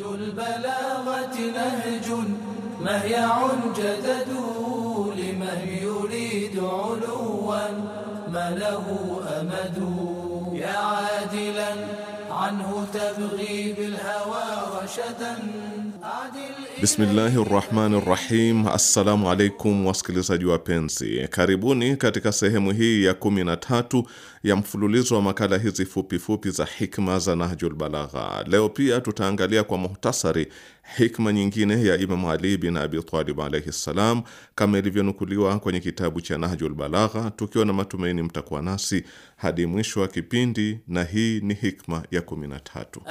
نهج البلاغة نهج مهيع جدد لمن يريد علوا ما له أمد يا عادلا عنه تبغي بالهوى رشدا rahim. Assalamu alaikum wasikilizaji wapenzi, karibuni katika sehemu hii ya 13 ya mfululizo wa makala hizi fupifupi fupi za hikma za Nahjul Balagha. Leo pia tutaangalia kwa muhtasari hikma nyingine ya Imamu Ali bin Abi Talib alaihi ssalam, kama ilivyonukuliwa kwenye kitabu cha Nahjul Balagha, tukiwa na matumaini mtakuwa nasi hadi mwisho wa kipindi, na hii ni hikma ya kumi na tatu.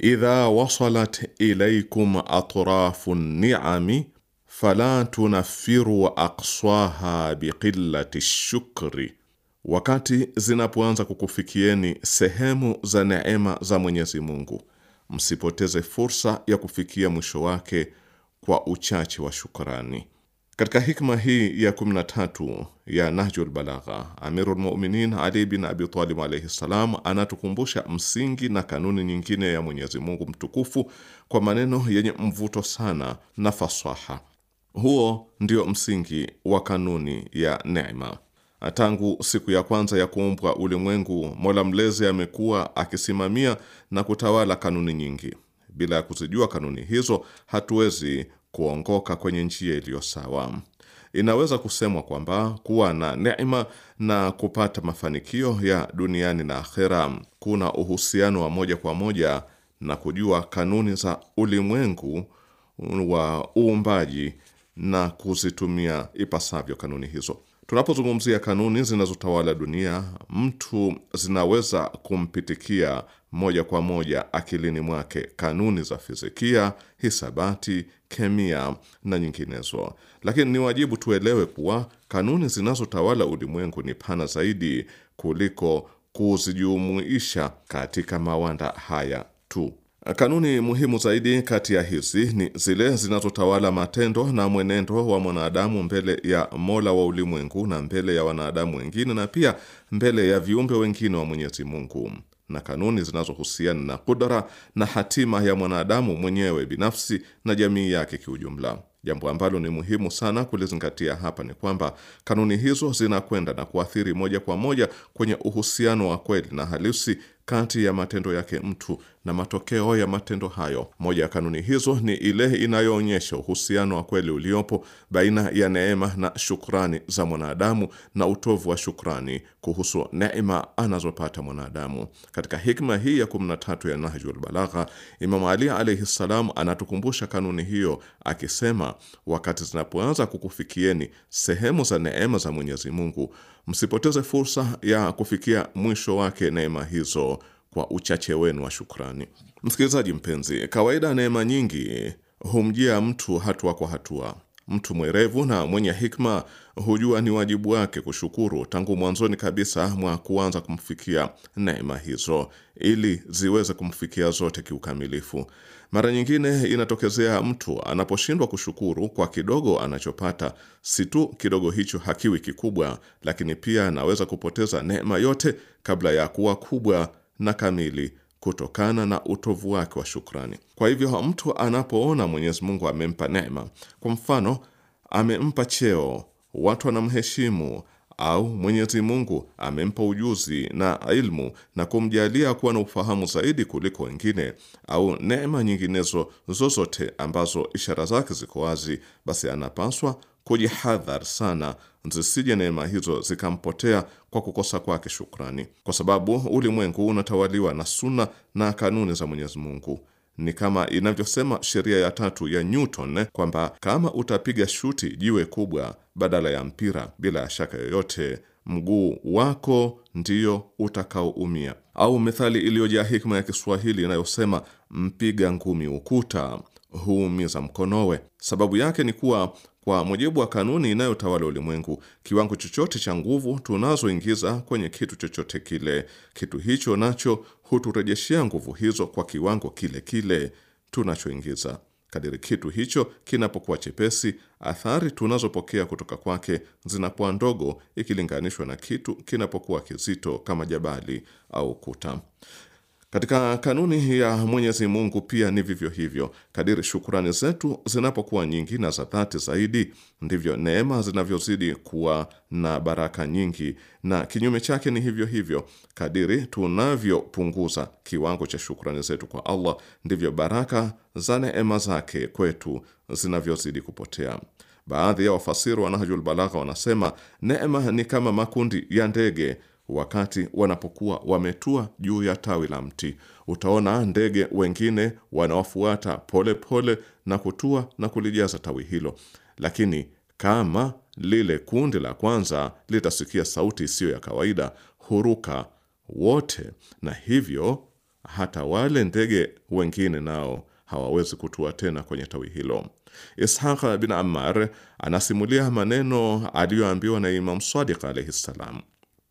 idha wasalat ilaikum atrafu ni'ami fala tunafiru aqsaha biqillati shukri, wakati zinapoanza kukufikieni sehemu za neema za Mwenyezi Mungu msipoteze fursa ya kufikia mwisho wake kwa uchache wa shukrani. Katika hikma hii ya 13 ya Nahjul Balagha, Amirul Mu'minin Ali bin Abi Talib alayhi salam anatukumbusha msingi na kanuni nyingine ya Mwenyezi Mungu mtukufu kwa maneno yenye mvuto sana na fasaha. Huo ndio msingi wa kanuni ya neema. Ah, tangu siku ya kwanza ya kuumbwa ulimwengu, Mola Mlezi amekuwa akisimamia na kutawala kanuni nyingi. Bila ya kuzijua kanuni hizo, hatuwezi kuongoka kwenye njia iliyo sawa. Inaweza kusemwa kwamba kuwa na neema na kupata mafanikio ya duniani na akhera kuna uhusiano wa moja kwa moja na kujua kanuni za ulimwengu wa uumbaji na kuzitumia ipasavyo kanuni hizo. Tunapozungumzia kanuni zinazotawala dunia, mtu zinaweza kumpitikia moja kwa moja akilini mwake kanuni za fizikia, hisabati, kemia na nyinginezo, lakini ni wajibu tuelewe kuwa kanuni zinazotawala ulimwengu ni pana zaidi kuliko kuzijumuisha katika mawanda haya tu. Kanuni muhimu zaidi kati ya hizi ni zile zinazotawala matendo na mwenendo wa mwanadamu mbele ya Mola wa ulimwengu na mbele ya wanadamu wengine na pia mbele ya viumbe wengine wa Mwenyezi Mungu, na kanuni zinazohusiana na kudra na hatima ya mwanadamu mwenyewe binafsi na jamii yake kiujumla. Jambo ambalo ni muhimu sana kulizingatia hapa ni kwamba kanuni hizo zinakwenda na kuathiri moja kwa moja kwenye uhusiano wa kweli na halisi kati ya matendo yake mtu na matokeo ya matendo hayo. Moja ya kanuni hizo ni ile inayoonyesha uhusiano wa kweli uliopo baina ya neema na shukrani za mwanadamu na utovu wa shukrani kuhusu neema anazopata mwanadamu. Katika hikma hii ya 13 ya Nahjul Balagha, Imam Ali alaihi salam anatukumbusha kanuni hiyo akisema, wakati zinapoanza kukufikieni sehemu za neema za Mwenyezi Mungu, msipoteze fursa ya kufikia mwisho wake neema hizo kwa uchache wenu wa shukrani. Msikilizaji mpenzi, kawaida neema nyingi humjia mtu hatua kwa hatua. Mtu mwerevu na mwenye hikma hujua ni wajibu wake kushukuru tangu mwanzoni kabisa mwa kuanza kumfikia neema hizo, ili ziweze kumfikia zote kiukamilifu. Mara nyingine inatokezea mtu anaposhindwa kushukuru kwa kidogo anachopata, si tu kidogo hicho hakiwi kikubwa, lakini pia anaweza kupoteza neema yote kabla ya kuwa kubwa na kamili kutokana na utovu wake wa shukrani. Kwa hivyo mtu anapoona Mwenyezi Mungu amempa neema, kwa mfano amempa cheo, watu wanamheshimu, au Mwenyezi Mungu amempa ujuzi na ilmu na kumjalia kuwa na ufahamu zaidi kuliko wengine, au neema nyinginezo zozote ambazo ishara zake ziko wazi, basi anapaswa kujihadhar sana zisije neema hizo zikampotea kwa kukosa kwake shukrani, kwa sababu ulimwengu unatawaliwa na suna na kanuni za Mwenyezi Mungu. Ni kama inavyosema sheria ya tatu ya Newton kwamba kama utapiga shuti jiwe kubwa badala ya mpira, bila ya shaka yoyote mguu wako ndiyo utakaoumia, au methali iliyojaa hikma ya Kiswahili inayosema mpiga ngumi ukuta huumiza mkonowe. Sababu yake ni kuwa kwa mujibu wa kanuni inayotawala ulimwengu, kiwango chochote cha nguvu tunazoingiza kwenye kitu chochote kile, kitu hicho nacho huturejeshea nguvu hizo kwa kiwango kile kile tunachoingiza. Kadiri kitu hicho kinapokuwa chepesi, athari tunazopokea kutoka kwake zinakuwa ndogo ikilinganishwa na kitu kinapokuwa kizito kama jabali au kuta. Katika kanuni ya Mwenyezi Mungu pia ni vivyo hivyo. Kadiri shukurani zetu zinapokuwa nyingi na za dhati zaidi, ndivyo neema zinavyozidi kuwa na baraka nyingi, na kinyume chake ni hivyo hivyo. Kadiri tunavyopunguza kiwango cha shukurani zetu kwa Allah, ndivyo baraka za neema zake kwetu zinavyozidi kupotea. Baadhi ya wafasiri wa Nahjul Balagha wanasema neema ni kama makundi ya ndege Wakati wanapokuwa wametua juu ya tawi la mti, utaona ndege wengine wanawafuata polepole na kutua na kulijaza tawi hilo. Lakini kama lile kundi la kwanza litasikia sauti isiyo ya kawaida, huruka wote, na hivyo hata wale ndege wengine nao hawawezi kutua tena kwenye tawi hilo. Ishaq bin Ammar anasimulia maneno aliyoambiwa na Imam Sadiq alaihi ssalam.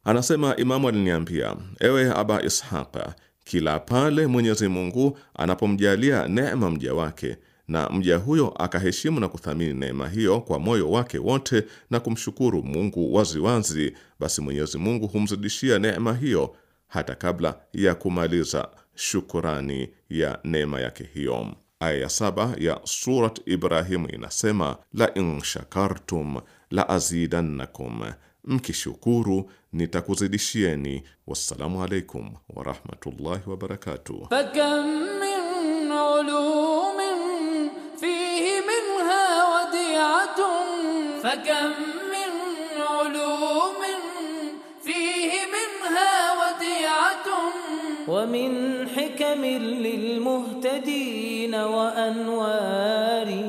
Anasema Imamu aliniambia, ewe Aba Ishaqa, kila pale Mwenyezi Mungu anapomjalia neema mja wake na mja huyo akaheshimu na kuthamini neema hiyo kwa moyo wake wote na kumshukuru Mungu waziwazi wazi, basi Mwenyezi Mungu humzidishia neema hiyo hata kabla ya kumaliza shukurani ya neema yake hiyo. Aya ya saba ya Surat Ibrahimu inasema la in shakartum la azidannakum Mkishukuru nitakuzidishieni. Wassalamu alaikum warahmatullahi wabarakatuh. fakam min ulumin fihi minha wadiatun fakam min ulumin fihi minha wadiatun wa min hikamin lilmuhtadin wa anwarin